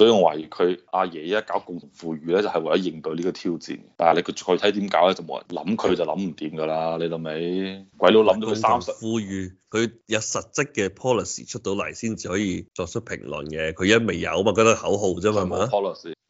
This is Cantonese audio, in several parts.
所以我懷疑佢阿爺,爺一搞共同富裕咧，就係、是、為咗應對呢個挑戰。但係你個具體點搞咧，沒想他就冇人諗佢就諗唔掂㗎啦，你明唔明？鬼佬諗到三十，富裕，佢有實質嘅 policy 出到嚟先至可以作出評論嘅。佢一未有嘛，嗰個口號啫嘛，係嘛？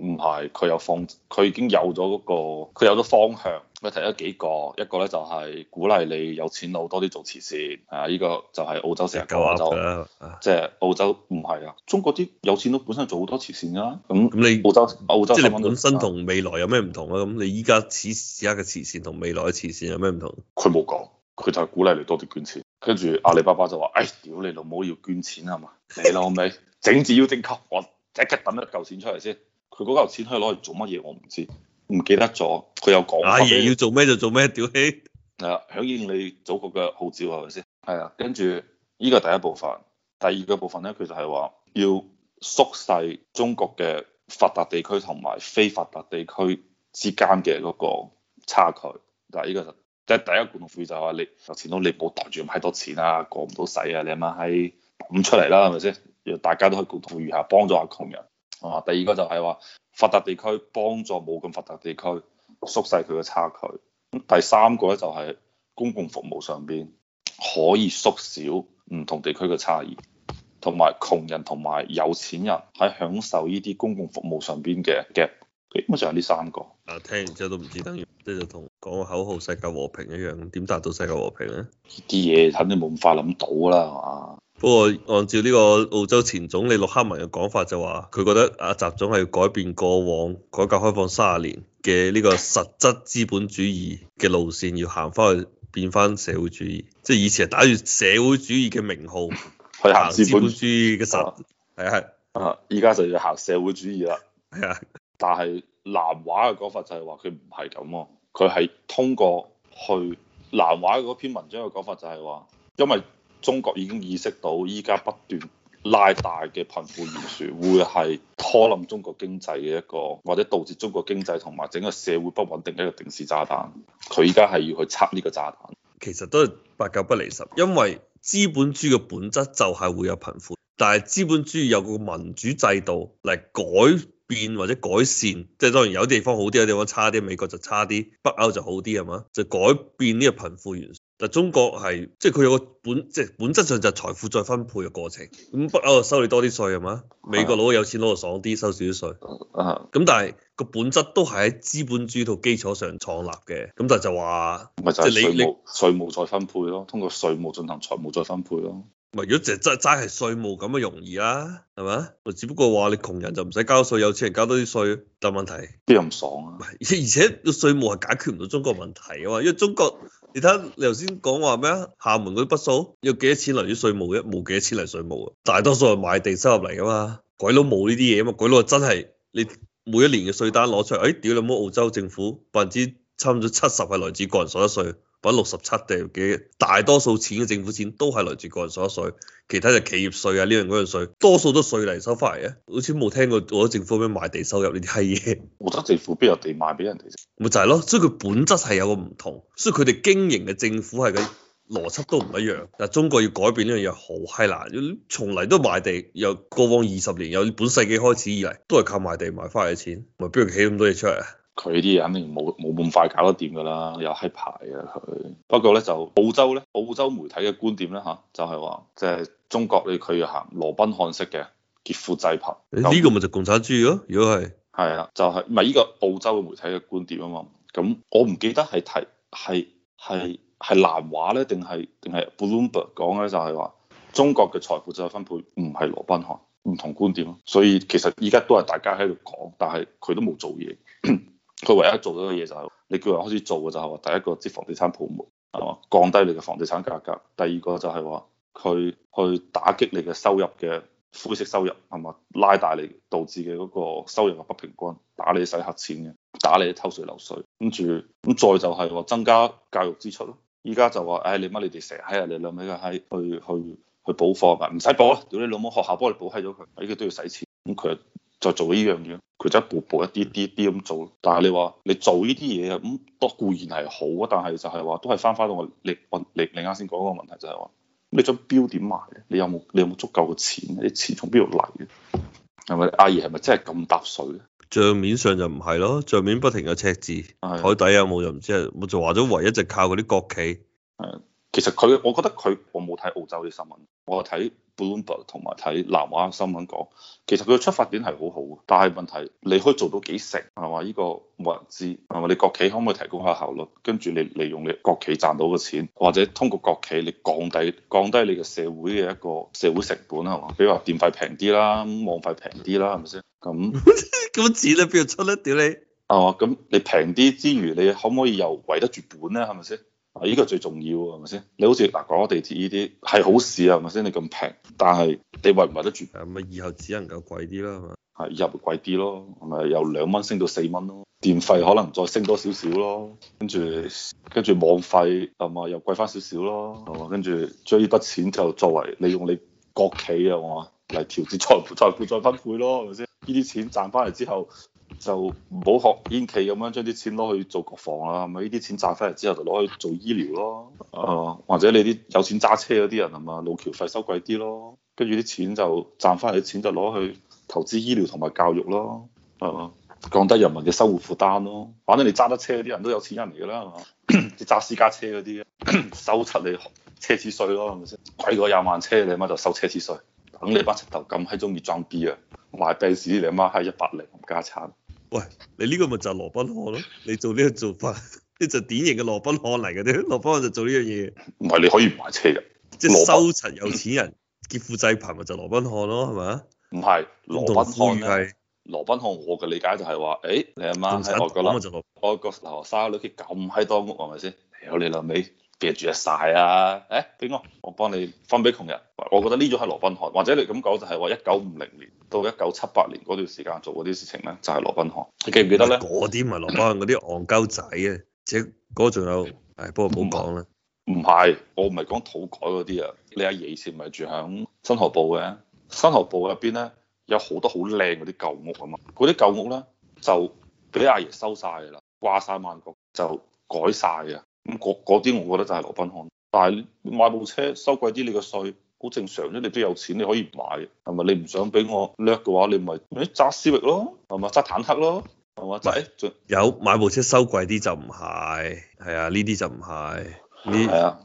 唔係佢有放，佢已經有咗嗰個，佢有咗方向。我提咗幾個，一個咧就係鼓勵你有錢佬多啲做慈善。啊，依個就係澳洲成日講亞洲，即係澳洲唔係啊。中國啲有錢佬本身做好多慈善啊。咁咁你澳洲你澳洲即係你本身同未來有咩唔同啊？咁你依家此此刻嘅慈善同未來嘅慈善有咩唔同？佢冇講，佢就係鼓勵你多啲捐錢。跟住阿里巴巴就話，誒、哎，屌你老母要捐錢啊嘛？你老味政治要正確，我即刻揼一嚿錢出嚟先。佢嗰嚿錢可以攞嚟做乜嘢？我唔知，唔記得咗。佢有講。阿爺要做咩就做咩，屌你！係啊，響應你祖國嘅號召啊，係咪先？係啊，跟住呢個第一部分，第二個部分咧，佢就係話要縮細中國嘅發達地區同埋非發達地區之間嘅嗰個差距。嗱，呢個就即係第一共同富裕就係話你頭先都你冇搭住咁太多錢啊，過唔到使啊，你阿媽喺揼出嚟啦，係咪先？大家都可以共同富裕下，幫助下窮人。啊，第二個就係話發達地區幫助冇咁發達地區，縮細佢嘅差距。第三個咧就係、是、公共服務上邊可以縮小唔同地區嘅差異，同埋窮人同埋有錢人喺享受呢啲公共服務上邊嘅 gap。基本上係呢三個。啊，聽完之後都唔知，等於即係就同講個口號世界和平一樣，點達到世界和平咧？啲嘢肯定冇咁快諗到啦，不過按照呢個澳洲前總理陸克文嘅講法就話，佢覺得阿習總係要改變過往改革開放卅年嘅呢個實質資本主義嘅路線，要行翻去變翻社會主義，即係以前係打住社會主義嘅名號去行資本主義嘅實，係係啊，依家就要行社會主義啦，係啊，但係南華嘅講法就係話佢唔係咁，佢係通過去南華嗰篇文章嘅講法就係話，因為中國已經意識到，依家不斷拉大嘅貧富懸殊，會係拖冧中國經濟嘅一個，或者導致中國經濟同埋整個社會不穩定嘅一個定時炸彈。佢依家係要去拆呢個炸彈。其實都係八九不離十，因為資本主義嘅本質就係會有貧富，但係資本主義有個民主制度嚟改變或者改善，即係當然有地方好啲，有地方差啲，美國就差啲，北歐就好啲係嘛？就改變呢個貧富懸殊。但中國係即係佢有個本，即係本質上就係財富再分配嘅過程。咁北歐就收你多啲稅係嘛？美國佬有錢佬就爽啲，收少啲稅。咁 但係個本質都係喺資本主義套基礎上創立嘅。咁但係就話唔係就係稅務，稅務你再分配咯，通過稅務進行財務再分配咯。如果淨係齋係稅務咁啊容易啦，係咪啊？只不過話你窮人就唔使交稅，有錢人交多啲稅，但係問題邊有咁爽啊？唔係，而且個稅務係解決唔到中國問題嘅嘛，因為中國你睇下，你頭先講話咩啊？廈門嗰啲筆數有幾多錢嚟於稅務嘅，冇幾多錢嚟稅務啊？大多數係賣地收入嚟噶嘛，鬼佬冇呢啲嘢啊嘛，鬼佬真係你每一年嘅稅單攞出嚟，誒、哎，屌你媽！澳洲政府百分之差唔多七十係來自個人所得稅。六十七地嘅，大多數錢嘅政府錢都係嚟自個人所得稅，其他就企業稅啊，呢樣嗰樣稅，多數都稅嚟收翻嚟嘅。好似冇聽過好多政府咩賣地收入呢啲閪嘢。冇得政府邊有地賣俾人哋啫？咪就係咯，所以佢本質係有個唔同，所以佢哋經營嘅政府係嘅邏輯都唔一樣。但中國要改變呢樣嘢好閪難，從嚟都賣地，由過往二十年，由本世紀開始以嚟，都係靠賣地賣翻嚟嘅錢，咪不如起咁多嘢出嚟啊？佢啲嘢肯定冇冇咁快搞得掂噶啦，又喺排啊佢。不過咧就澳洲咧，澳洲媒體嘅觀點咧嚇、啊，就係話即係中國咧，佢要行羅賓漢式嘅劫富濟貧。呢、欸呢個咪就是共產主義咯、啊？如果係係啊，就係唔係依個澳洲嘅媒體嘅觀點啊嘛。咁、嗯、我唔記得係提係係係南華咧，定係定係 Bloomberg 講咧，就係話中國嘅財富就再分配唔係羅賓漢，唔同觀點咯。所以其實依家都係大家喺度講，但係佢都冇做嘢。佢唯一做到嘅嘢就係、是，你叫人開始做嘅就係話，第一個即房地產泡沫，係嘛？降低你嘅房地產價格。第二個就係話，佢去打擊你嘅收入嘅灰色收入，係嘛？拉大你導致嘅嗰個收入嘅不平均，打你洗黑錢嘅，打你偷稅漏稅。跟住咁再就係話增加教育支出咯。依家就話，唉、哎，你乜？你哋成日喺啊，你兩米嘅閪去去去，去補課㗎，唔使補啊，屌你老母，學校幫你補閪咗佢，呢個都要使錢。咁佢。就做呢樣嘢，佢就一步步一啲啲啲咁做。但係你話你做呢啲嘢啊，咁、嗯、固然係好，但係就係話都係翻返到我你你你啱先講嗰個問題就係話，你將標點埋，咧，你有冇你有冇足夠嘅錢你啲錢從邊度嚟咧？係咪阿爺係咪真係咁搭水？帳面上就唔係咯，帳面不停嘅赤字，台是的 底有冇就唔知。我就話咗唯一就靠嗰啲國企。係。其實佢，我覺得佢，我冇睇澳洲啲新聞，我係睇《Bloomberg》同埋睇南華新聞講，其實佢嘅出發點係好好，但係問題你可以做到幾成係嘛？呢個冇人知，係嘛？你國企可唔可以提供下效率？跟住你利用你國企賺到嘅錢，或者通過國企你降低降低你嘅社會嘅一個社會成本係嘛？比如話電費平啲啦，網費平啲啦，係咪先？咁咁錢你邊度出得掉你？係嘛？咁你平啲之餘，你可唔可以又圍得住本咧？係咪先？啊！依個最重要係咪先？你好似嗱，講咗地鐵呢啲係好事啊，係咪先？你咁平，但係你維唔維得住？誒，咪以後只能夠貴啲啦，係咪？係，以後咪貴啲咯，係咪由兩蚊升到四蚊咯？電費可能再升多少少咯，跟住跟住網費係嘛又貴翻少少咯，係嘛？跟住將呢筆錢就作為利用你國企啊，係嘛嚟調節財富，財富再分配咯，係咪先？呢啲錢賺翻嚟之後。就唔好學煙企咁樣將啲錢攞去做國防啊，咪呢啲錢賺翻嚟之後就攞去做醫療咯。啊，或者你啲有錢揸車嗰啲人係嘛，路橋費收貴啲咯，跟住啲錢就賺翻嚟啲錢就攞去投資醫療同埋教育咯。啊，降低人民嘅生活負擔咯。反正你揸得車嗰啲人都有錢人嚟㗎啦，係嘛？你揸私家車嗰啲收七你奢侈稅咯，係咪先？車的車的貴過廿萬車你媽就收奢侈稅，等你班出頭咁閪中意裝 B 啊，買病時你媽閪一百零家產。喂，你呢個咪就係羅賓漢咯？你做呢個做法，呢就典型嘅羅賓漢嚟嘅啫。羅賓漢就做呢樣嘢。唔係，你可以唔買車㗎，即係收賊有錢人，劫富濟貧咪就羅賓漢咯，係咪？唔係，羅賓漢係羅賓漢。我嘅理解就係話，誒、哎，你阿媽同阿個男，啊、我個後生女結咁喺多屋，係咪先？屌你老尾！俾住晒曬啊！誒俾我？我幫你分俾窮人。我覺得呢種係羅賓漢，或者你咁講就係話一九五零年到一九七八年嗰段時間做嗰啲事情咧，就係、是、羅賓漢。你記唔記得咧？嗰啲咪羅賓漢嗰啲戇鳩仔啊！且嗰仲有，係、哎、不過唔好講啦。唔係，我唔係講土改嗰啲啊。你阿爺以前係咪住響新河埗嘅？新河埗入邊咧有好多好靚嗰啲舊屋啊嘛。嗰啲舊屋咧就俾阿爺收晒曬啦，掛晒萬國就改晒嘅。嗰啲，我覺得就係羅賓漢。但係買部車收貴啲，你個稅好正常啫。你都有錢，你可以唔買，係咪？你唔想俾我叻嘅話，你咪揸思域咯，係咪？揸坦克咯，係咪？有買部車收貴啲就唔係，係啊，呢啲就唔係。係啊。